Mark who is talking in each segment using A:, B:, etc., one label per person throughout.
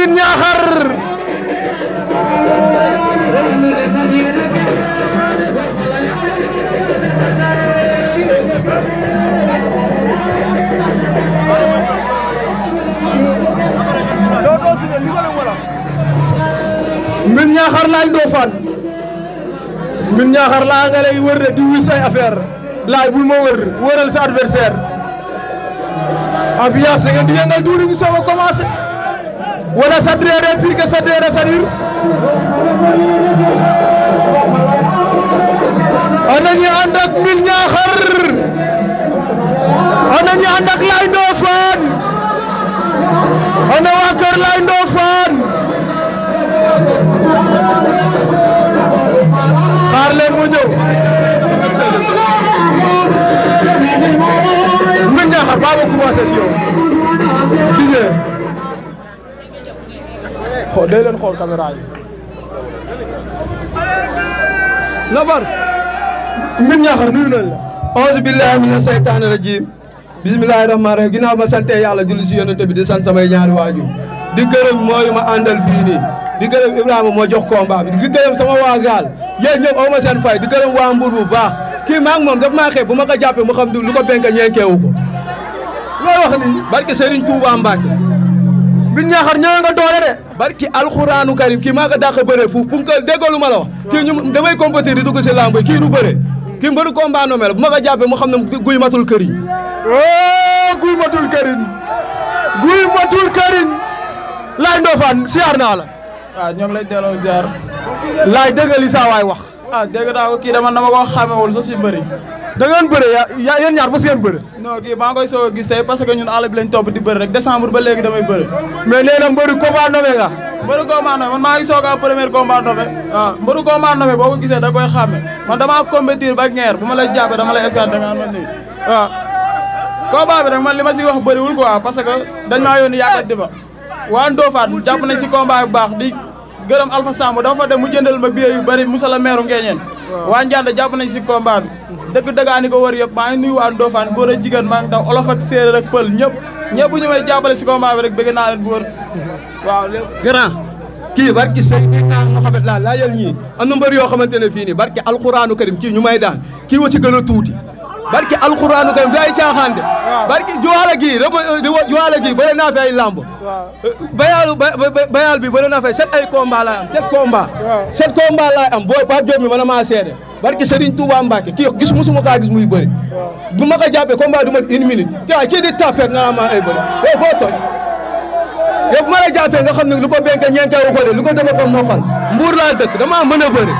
A: Mbin Ñaaxar Mbin Ñaaxar laay Ndofane Mbin Ñaaxar laa nga lay wër di wis say affaire laay bul ma wër wëral sa adversaire ambiance nga diggante tuuti bu soog a wala sadrere firke sadrere saɗir anañi ànd ak Mbine Niakhar anañi ànd ak Laye Ndofane ana waa kër Laye Ndofane xaar leen mu ñëw Mbine Niakhar baa ma commencé si yow xool day leen xool caméra yi. Labar. Mbir Ñaaxar nuyu nañ la. auzu billaahi mina seytaani rajiim. bismillaahi rahmaani rahiim ginnaaw ma sante yàlla julli si yonent bi di sant samay ñaari waajur di gërëm mooyu ma àndal fii di gërëm Ibrahima moo jox combat bi di gërëm sama waa gaal yéen ñëpp aw ma seen fay di gërëm waa Mbour bu baax kii maa ngi moom daf bu ma ko mu xam du lu ko benk ñeenkeewu ko loo wax ni barke Serigne Touba Mbacke bi ñaaxar ñëwee nga doole de. barki alxuraanu karim kii maa ko dàq bëree fuuf ma la wax. kii ñu damay compétir di dugg si lamb yi kii du bëre. kii mbëru combat nommé la mu xam guy matul këriñ. Eh, guy matul këriñ. guy matul këriñ. laay
B: Ndofane siyaar naa la. waaw ah, ñoo ngi lay dëgg li saa waay wax. ah dégg naa ko na ma ko xamewul sa si da ngeen ya ya yéen ñaar mos ngeen bëre non kii maa ngi koy soog a gis tey parce que ñun bi lañ di bëre rek décembre ba léegi damay bëre mais nee na mbëru combat nommé nga mbëru combat nommé man maa ngi soog a premier combat nommé waaw ah, mbëru combat nommé boo ko gisee da koy xàmme man damaa compétir ba ñeer bu ma lay jàppee dama lay escale da ngaa noonu nii waaw ah. combat bi nag man li ma si wax bëriwul quoi parce que dañ maa nañ combat bu baax di garam Alpha samu dafa fa dem mu jëndal ma billet yu waa Ndianda jàpp nañ si combat bi dëgg dëggaani ko wër yëpp maa ngi nuyu waa Ndofane góor jigéen maa ngi daw olof ak séeréer ak pël ñëpp ñëpp ñu may jàppale si combat bi rek bëgg naa leen bu waaw lépp grand kii barki sëy dégg naa Mouhamed laa laajal ñii am na mbër yoo xamante ne fii nii
A: barki alquraanu karim kii ñu may daan kii wa ci gën tuuti barke alxuraanu kay day caaxaan de. waaw barke juwaala gii juwaala gii bëri ay lamb. bayaalu bi bëri naa fi set ay combat laay am set combat. waaw set combat laay am booy Pape Diop mi man maa seede. barke Serigne Touba Mbacke kii gis musuma kaa gis muy bëri. bu ma ko jàppee combat du mat une minute. waaw kii di tapé nga naan ay bëri yow foo toj ma la jàppee nga xam ne lu ko benke ñeente wu ko de lu ko dama ko mokkal mbuur laa dëkk damaa mën a bëri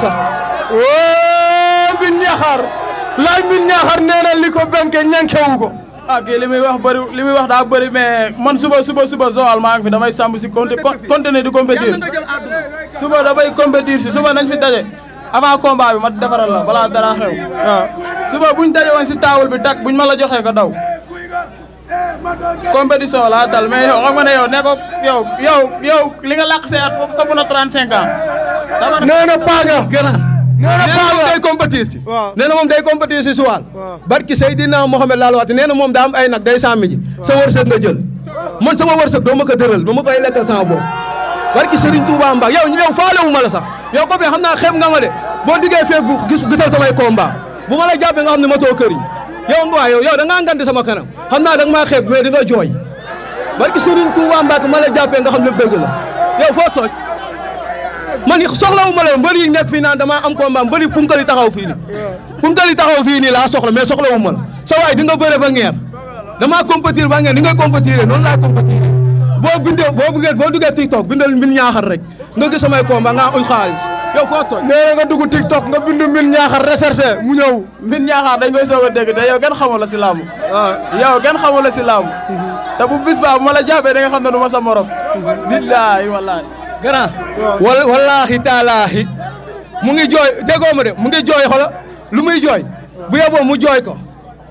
A: xam
B: nga laaj mi ñaaxar nee na li ko benke ñankewu ko ah kii li wax bëri li muy wax daa bëri mais man suba suba suba Joal maa ngi fi damay sàmm si conti continuer di compétir suba damay compétir si suba nañ fi daje avant combat bi ma defaral la balaa dara xew waaw ah. suba buñ daje woon si taawul bi dak buñ ma la joxee ko daw compétition laa dal mais yow xam nga ne yow ne ko yow yow yow li nga làq see at ëpp na 35 ans. nee na paa
A: nee na moom day compétir si nee na moom day compétir si suwaal laal waate nee na moom daam ay nag day sàmmi sa wërsëg nga jël man sama wërsëg doo ma ko dëral ma ma koy lekkal sama bopp barki Serigne Touba Mbacke yow yow faalewu ma sax yow boobu xam naa xeeb nga ma de boo diggee Facebook gis gisal samay combat bu ma la jàppee nga xam ne ma too këriñ yow nga yow yow da ngaa sama kanam xam naa da nga maa xeeb mais di nga jooy barki Serigne Touba Mbacke ma jàppee nga xam ne dëgg la yow foo man soxlawuma la mbeul yi nek fi nan dama am combat mbër yi punkali taxaw fii nii punkali taxaw fi ni la soxla mais wu la sa way di nga beure ba ngeer dama compétir ba ngeer ni nga compétiré noonu laa compétiré boo bindee boo bëggee bo duggee TikTok bindal min ñaaxal rek nga gis samay combat nga uy xaaliss yow foo toj né nga duggu
B: TikTok nga bindu min ñaaxal recherché mu ñew min ñaaxal dañ koy soga dégg te yow gën xamul la si ah. yow gën xamul la si laamu mhm. bu bisba baa bu ma la da nga xam ne sa morom mhm. billahi wallahi grand wala walaahi taalaahi mu ngi jooy
A: déggoo ma de mu ngi jooy xola lu muy jooy bu yeboo mu jooy ko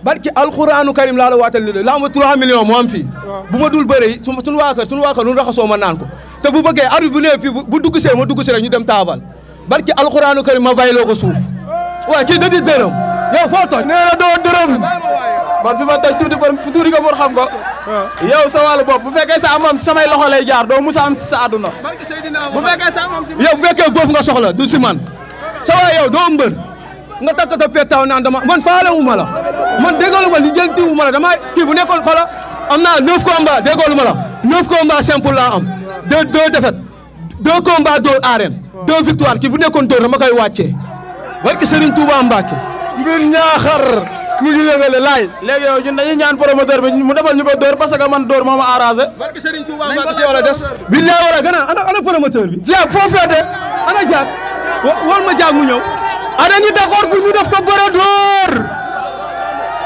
A: barki alxuraanu karim laa la waatal ni la am 3 millions moo am fii bu ma dul bëre yi su suñu waa kër suñu waa kër raxasoo ma naan ko te bu bëggee arbitre bu nee fii bu dugg see ma dugg si ñu dem taabal barki alxuraanu karim ma bàyyiloo
B: ko suuf waaw kii da dërëm yow foo toj doo dërëm man fi ma toj tuti bor tuti ko bor xam ko. yow sa wal bop bu fekke sa mam samay loxo lay jaar do musa am sa aduna bu fekke sa mam si. yow bu fekkee góof nga soxla du si man sa
A: waay yow do mbeur nga takk sa pettaaw naan dama man faale wu ma la man déggoolu ma li jënti wu ma la dama ki bu nekkon fala amna naa neuf combats déggoolu ma la neuf combat simple la am de de defet de combat do arène de victoire ki bu nekkon do dama koy wàccee
B: barki Serigne Touba mbake mbir ñaaxar ñu yëngale laay. léegi yow ñun dañuy ñaan promoteur bi mu defal ñu ko dóor parce que man dóor moo ma arrangé. barke bi a a ana ana promoteur bi. Diak foo ana Diak wol ma Diak mu ñëw.
A: ana ñu d'accord pour ñu def ko bëre dóor.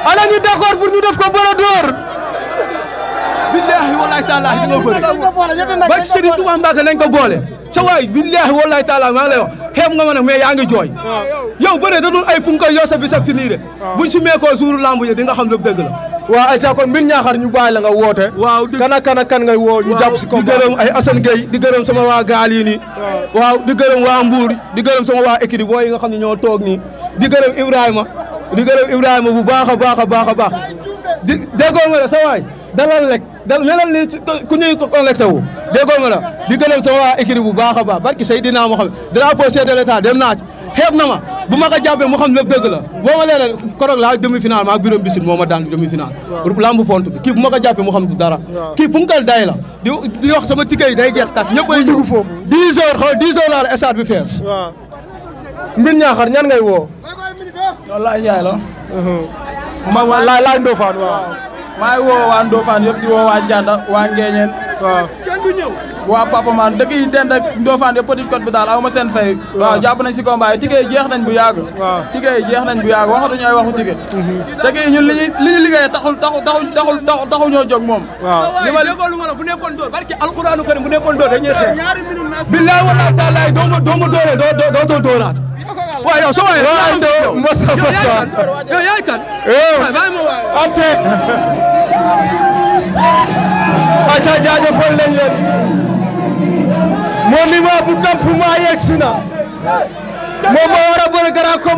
A: ana ñu d'accord pour ñu def ko bëre dóor. billahi
B: wallahi taala ñu ko
A: bëri. ko boole. xeeb nga ma nag mais yaa ngi jooy yow bëre da doon ay punkal yoo sa bisab ci nii de buñ si meekoo jouru lamb ji di nga xam lépp dëgg la waaw ayca kon mbir ñaaxar ñu bàyyi la nga woote waaw kan ak kan ak kan ngay woo ñu jàpp si ko di gërëm ay Assane Gueye di gërëm sama waa gaal yi nii waaw di gërëm waa Mbour di gërëm sama waa équipe boo yi nga xam ne ñoo toog nii di gërëm Ibrahima di gërëm Ibrahima bu baax a baax a baax a baax di déggoo nga sa waay dalal rek dal leneen li ku ñuy connecté wu déggoo ma la di gërëm sama waa équipe bu baax a baax barki Seydina Mohamed drapeau chef de l'état dem naa ci na ma bu ma ko jàppee mu xam lépp dëgg la boo ma leeral korog laa demi final maa biróom bisin moo ma daan demi final lamb pont kii bu ma ko jàppee mu xam du dara kii punkal day la di di wax sama ticket day jeex tak ñëpp ay dugg foofu dix heures xool dix bi fees mbir
B: ñaaxar ñan ngay woo wallaay Njaay la uh-huh. ma laay Ndofane waaw maa woo waa Ndofane yëpp di woo waa Janda waa Ngeeñeen waaw waa Papa Man dëkk yi dend ak Ndofane yëpp bi daal aw ma seen fay waaw jàpp nañ si combat yi jeex nañ bu yàgg tige yi jeex nañ bu yàgg waxatuñu ay waxu tige yi ñu li ñu liggéey taxu taxu taxul taxu taxu ñoo jóg moom li ma lu ma la bu nekkoon dóor barki alxuraanu karim bu nekkoon dóor dañuy xeex billaay wala taalaay doo dóoree doo
A: doo dóoraat waaw yow soo waayee. waaw Anta Moussa Moussa
B: yow yaay
A: leen. moom mi ma bu kam fu ma na moom moo war a